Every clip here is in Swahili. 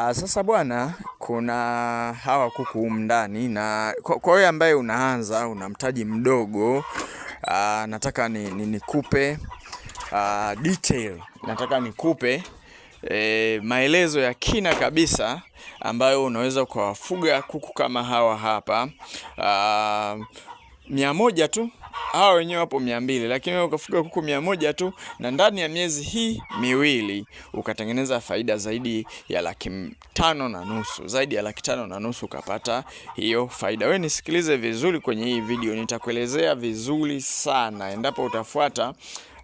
Ah, sasa bwana, kuna hawa kuku humu ndani, na kwa wewe ambaye unaanza una mtaji mdogo aa, ah, nataka ni, ni, nikupe aa, ah, detail, nataka nikupe e, maelezo ya kina kabisa ambayo unaweza ukawafuga kuku kama hawa hapa aa, mia moja tu hao wenyewe wapo mia mbili, lakini wewe ukafuga kuku mia moja tu na ndani ya miezi hii miwili ukatengeneza faida zaidi ya laki tano na nusu, zaidi ya laki tano na nusu ukapata hiyo faida. Wewe nisikilize vizuri kwenye hii video, nitakuelezea vizuri sana endapo utafuata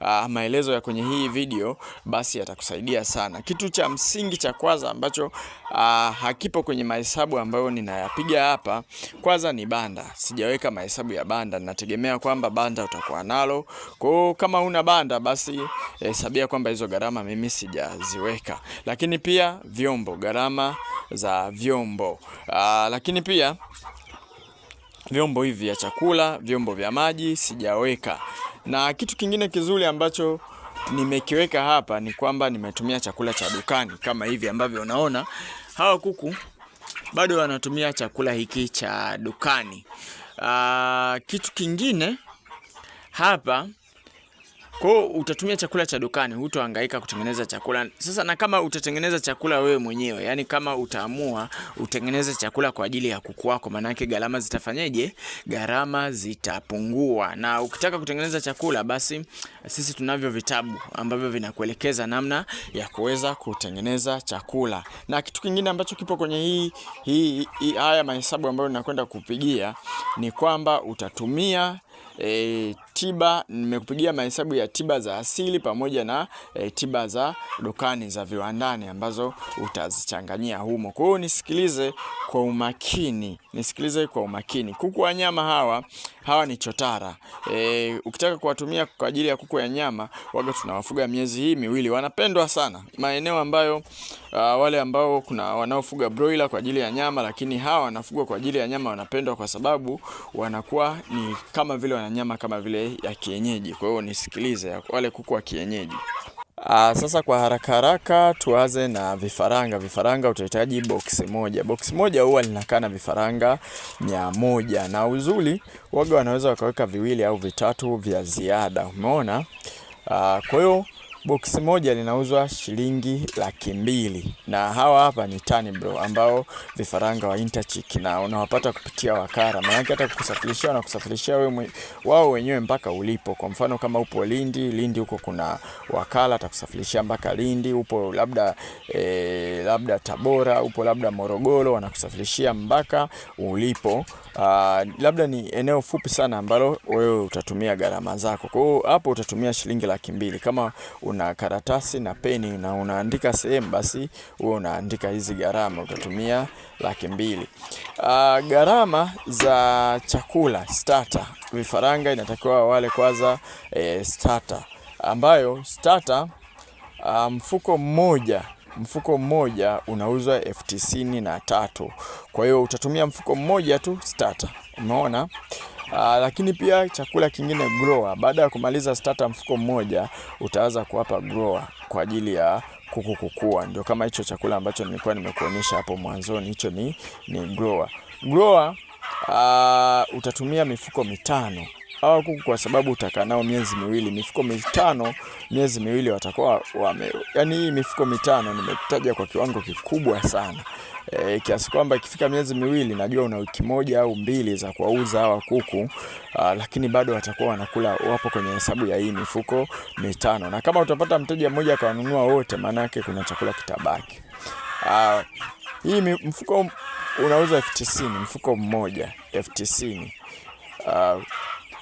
uh, maelezo ya kwenye hii video basi yatakusaidia sana. Kitu cha msingi cha kwanza ambacho uh, hakipo kwenye mahesabu ambayo ninayapiga hapa, kwanza ni banda. Sijaweka mahesabu ya banda, ninategemea kwamba banda utakuwa nalo. Kwa hiyo kama una banda basi hesabia kwamba hizo gharama mimi sijaziweka, lakini pia vyombo, gharama za vyombo uh, lakini pia vyombo hivi vya chakula, vyombo vya maji sijaweka. Na kitu kingine kizuri ambacho nimekiweka hapa ni kwamba nimetumia chakula cha dukani kama hivi ambavyo unaona hawa kuku bado wanatumia chakula hiki cha dukani. Aa, ah, kitu kingine hapa kwa utatumia chakula cha dukani, hutohangaika kutengeneza chakula. Sasa na kama utatengeneza chakula wewe mwenyewe, yani kama utaamua utengeneze chakula kwa ajili ya kuku wako, maana yake gharama zitafanyeje? Gharama zitapungua. Na ukitaka kutengeneza chakula, basi sisi tunavyo vitabu ambavyo vinakuelekeza namna ya kuweza kutengeneza chakula. Na kitu kingine ambacho kipo kwenye hii hii, hii haya mahesabu ambayo ninakwenda kupigia ni kwamba utatumia e, tiba. Nimekupigia mahesabu ya tiba za asili pamoja na e, tiba za dukani za viwandani ambazo utazichanganyia humo. Kwa hiyo nisikilize kwa umakini, nisikilize kwa umakini. Kuku wa nyama hawa hawa ni chotara e, ukitaka kuwatumia kwa ajili ya kuku ya nyama waga tunawafuga miezi hii miwili, wanapendwa sana maeneo ambayo uh, wale ambao kuna wanaofuga broiler kwa ajili ya nyama, lakini hawa wanafugwa kwa ajili ya nyama, wanapendwa kwa sababu wanakuwa ni kama vile wananyama kama vile ya kienyeji. Kwa hiyo nisikilize, ya wale kuku wa kienyeji. Aa, ah, sasa kwa haraka haraka tuanze na vifaranga. Vifaranga utahitaji box moja. Box moja huwa linakaa na vifaranga mia moja na uzuri waga wanaweza wakaweka viwili au vitatu vya ziada, umeona? Ah, kwa hiyo boksi moja linauzwa shilingi laki mbili na hawa hapa ni bro, ambao vifaranga wa Interchick na unawapata kupitia wakara, maana hata kukusafirishia na kusafirishia wewe wao wenyewe mpaka ulipo. Kwa mfano kama upo Lindi, Lindi huko kuna wakala atakusafirishia mpaka Lindi, upo labda e, labda Tabora, upo labda Morogoro, wanakusafirishia mpaka ulipo. Uh, labda ni eneo fupi sana ambalo wewe utatumia gharama zako. Kwa hiyo hapo utatumia shilingi laki mbili kama una una karatasi na peni na unaandika sehemu, basi wewe unaandika hizi gharama, utatumia laki mbili. Uh, gharama za chakula starter, vifaranga inatakiwa wale kwanza e, starter ambayo starter uh, mfuko mmoja mfuko mmoja unauzwa elfu tisini na tatu. Kwa hiyo utatumia mfuko mmoja tu starter, umeona. Aa, ah, lakini pia chakula kingine grower, baada ya kumaliza starter mfuko mmoja utaanza kuwapa grower kwa ajili ya kuku kukua. Ndio kama hicho chakula ambacho nilikuwa nimekuonyesha hapo mwanzoni, hicho ni, ni grower. Grower, ah, utatumia mifuko mitano Hawa kuku kwa sababu utakaa nao miezi miwili, mifuko mitano, miezi miwili watakuwa wame, yani hii mifuko mitano nimetaja kwa kiwango kikubwa sana e, kiasi kwamba ikifika miezi miwili najua una wiki moja au mbili za kuwauza hawa kuku a, ah, lakini bado watakuwa wanakula, wapo kwenye hesabu ya hii mifuko mitano, na kama utapata mteja mmoja akawanunua wote, maana yake kuna chakula kitabaki. A, ah, hii mfuko unauza elfu tisini mfuko mmoja elfu tisini. Ah,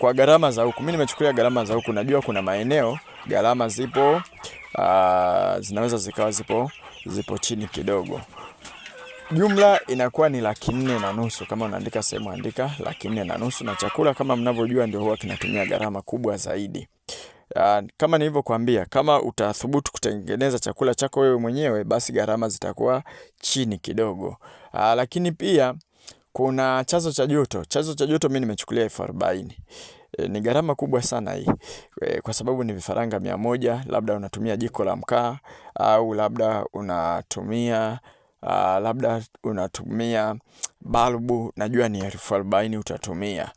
kwa gharama za huku, mimi nimechukulia gharama za huku, najua kuna maeneo gharama zipo uh, zinaweza zikawa zipo, zipo chini kidogo. Jumla inakuwa ni laki nne na nusu kama unaandika sehemu andika laki nne na nusu na chakula kama mnavyojua ndio huwa kinatumia gharama kubwa zaidi. Uh, kama nilivyokuambia, kama utathubutu kutengeneza chakula chako wewe mwenyewe, basi gharama zitakuwa chini kidogo. Uh, lakini pia kuna chanzo cha joto. Chanzo cha joto mimi nimechukulia elfu arobaini. E, ni gharama kubwa sana hii e, kwa sababu ni vifaranga mia moja, labda unatumia jiko la mkaa au labda unatumia uh, labda unatumia balbu, najua ni elfu arobaini utatumia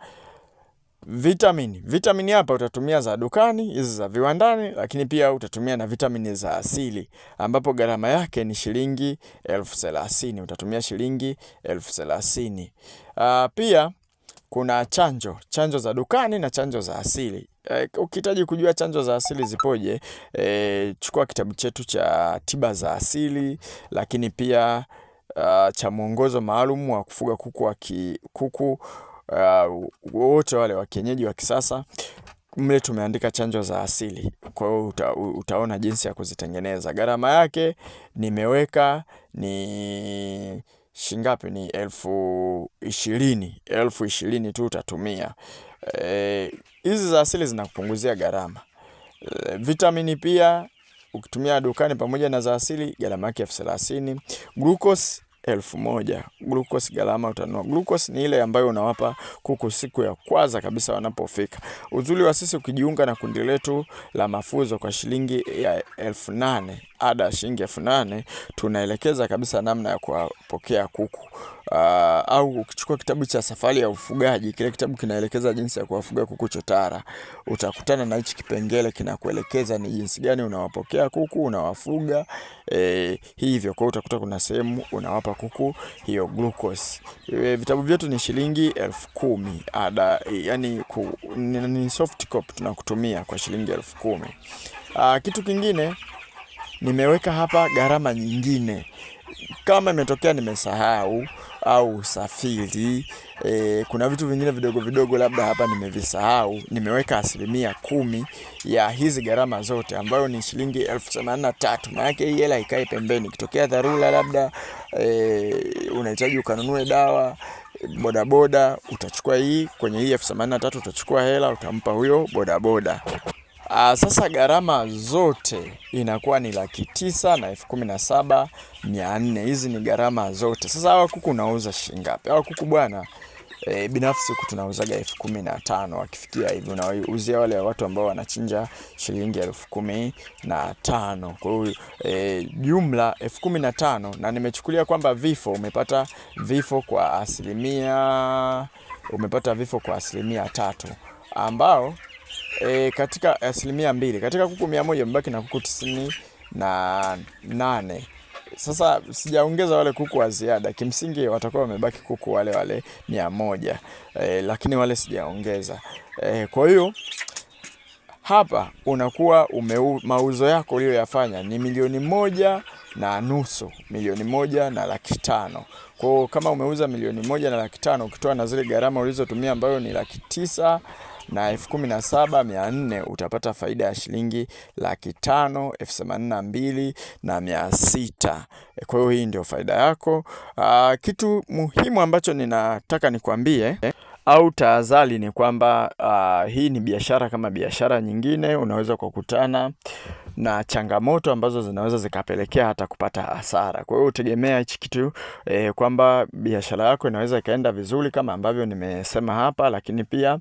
vitamini. Vitamini hapa utatumia za dukani, hizi za viwandani, lakini pia utatumia na vitamini za asili ambapo gharama yake ni shilingi elfu thelathini. Utatumia shilingi elfu thelathini. Uh, pia kuna chanjo, chanjo za dukani na chanjo za asili. Uh, ukihitaji kujua chanjo za asili zipoje, uh, chukua kitabu chetu cha tiba za asili, lakini pia uh, cha mwongozo maalum wa kufuga kuku wa ki, kuku Uh, wote uh, wale wakienyeji wa kisasa mle tumeandika chanjo za asili. Kwa hiyo uta, utaona jinsi ya kuzitengeneza. Gharama yake nimeweka ni shingapi? Ni elfu ishirini, elfu ishirini tu utatumia eh, hizi e, za asili zinakupunguzia gharama e, vitamini pia ukitumia dukani pamoja na za asili gharama yake elfu thelathini. Glucose elfu moja. Glucose gharama utanua. Glucose ni ile ambayo unawapa kuku siku ya kwanza kabisa wanapofika. Uzuri wa sisi ukijiunga na kundi letu la mafunzo kwa shilingi ya elfu nane ada ya shilingi elfu nane tunaelekeza kabisa namna ya kuwapokea kuku uh, au ukichukua kitabu cha Safari ya Ufugaji, kile kitabu kinaelekeza jinsi ya kuwafuga kuku chotara, utakutana na hichi kipengele kinakuelekeza ni jinsi gani unawapokea kuku, unawafuga e, hivyo. Kwa hiyo utakuta kuna sehemu unawapa kuku hiyo glucose. E, vitabu vyetu ni shilingi elfu kumi ada, yani ku, ni, ni soft copy tunakutumia kwa shilingi elfu kumi. Uh, kitu kingine nimeweka hapa gharama nyingine, kama imetokea nimesahau au usafiri e, kuna vitu vingine vidogo vidogo labda hapa nimevisahau. Nimeweka asilimia kumi ya hizi gharama zote ambayo ni shilingi elfu themanini na tatu. Maana yake hii hela ikae pembeni, kitokea dharura labda e, unahitaji ukanunue dawa bodaboda, utachukua hii kwenye hii elfu themanini na tatu, utachukua hela utampa huyo bodaboda. Aa, ah, sasa gharama zote inakuwa ni laki tisa na elfu kumi na saba mia nne. Hizi ni gharama zote. Sasa hawa kuku unauza shilingi ngapi? Hawa kuku bwana E, binafsi huku tunauzaga elfu kumi na tano wakifikia hivi unauzia wale watu ambao wanachinja shilingi elfu kumi na tano Kwa hiyo e, jumla elfu kumi na tano na nimechukulia kwamba vifo umepata vifo kwa asilimia umepata vifo kwa asilimia tatu ambao e, katika asilimia mbili katika kuku mia moja mbaki na kuku tisini na nane. Sasa sijaongeza wale kuku wa ziada, kimsingi watakuwa wamebaki kuku wale wale mia moja e, lakini wale sijaongeza e, kwa hiyo hapa unakuwa umeu, mauzo yako uliyoyafanya ni milioni moja na nusu, milioni moja na laki tano. Kwa hiyo kama umeuza milioni moja na laki tano ukitoa na zile gharama ulizotumia ambayo ni laki tisa na elfu kumi na saba mia nne utapata faida ya shilingi laki tano elfu themanini na mbili na mia sita. Kwa hiyo hii ndio faida yako. Aa, ah, kitu muhimu ambacho ninataka nikwambie au tahadhari ni kwamba uh, hii ni biashara kama biashara nyingine. Unaweza kukutana na changamoto ambazo zinaweza zikapelekea hata kupata hasara. Kwa hiyo utegemea hichi kitu eh, kwamba biashara yako inaweza ikaenda vizuri kama ambavyo nimesema hapa, lakini pia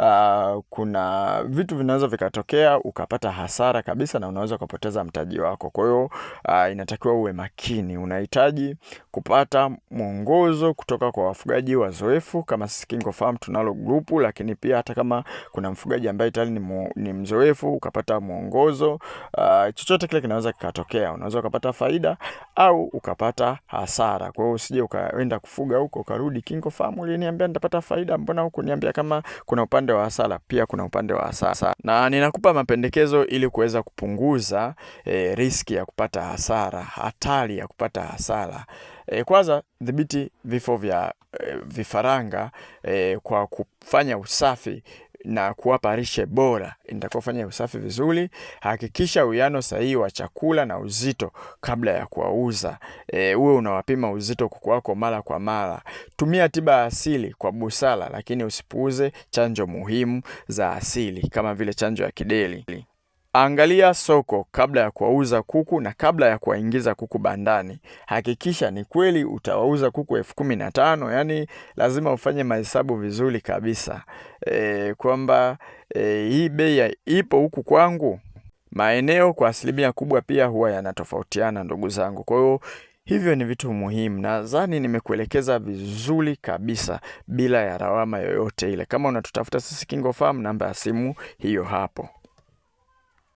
uh, kuna vitu vinaweza vikatokea ukapata hasara kabisa na unaweza kupoteza mtaji wako. Kwa hiyo uh, inatakiwa uwe makini. Unahitaji kupata mwongozo kutoka kwa wafugaji wazoefu kama sisi Farm tunalo grupu, lakini pia hata kama kuna mfugaji ambaye tayari ni, ni mzoefu ukapata mwongozo uh, chochote kile kinaweza kikatokea. Unaweza ukapata faida au ukapata hasara. Kwa hiyo usije ukaenda kufuga huko ukarudi Farm uliniambia nitapata faida, mbona huku niambia kama kuna upande upande wa hasara pia kuna upande wa hasara, na ninakupa mapendekezo ili kuweza kupunguza e, riski ya kupata hasara, hatari ya kupata hasara. E, kwanza dhibiti vifo vya e, vifaranga e, kwa kufanya usafi na kuwapa lishe bora fanya usafi vizuri. Hakikisha uwiano sahihi wa chakula na uzito kabla ya kuwauza. E, uwe unawapima uzito kuku wako mara kwa mara. Tumia tiba asili kwa busara, lakini usipuuze chanjo muhimu za asili kama vile chanjo ya kideli. Angalia soko kabla ya kuwauza kuku na kabla ya kuwaingiza kuku bandani. Hakikisha ni kweli utawauza kuku elfu kumi na tano. Yani lazima ufanye mahesabu vizuri kabisa e, kwamba e, hii bei ipo huku kwangu. Maeneo kwa asilimia kubwa pia huwa yanatofautiana ndugu zangu, kwa hiyo hivyo ni vitu muhimu. Nadhani nimekuelekeza vizuri kabisa bila ya lawama yoyote ile. Kama unatutafuta sisi KingoFarm, namba ya simu hiyo hapo.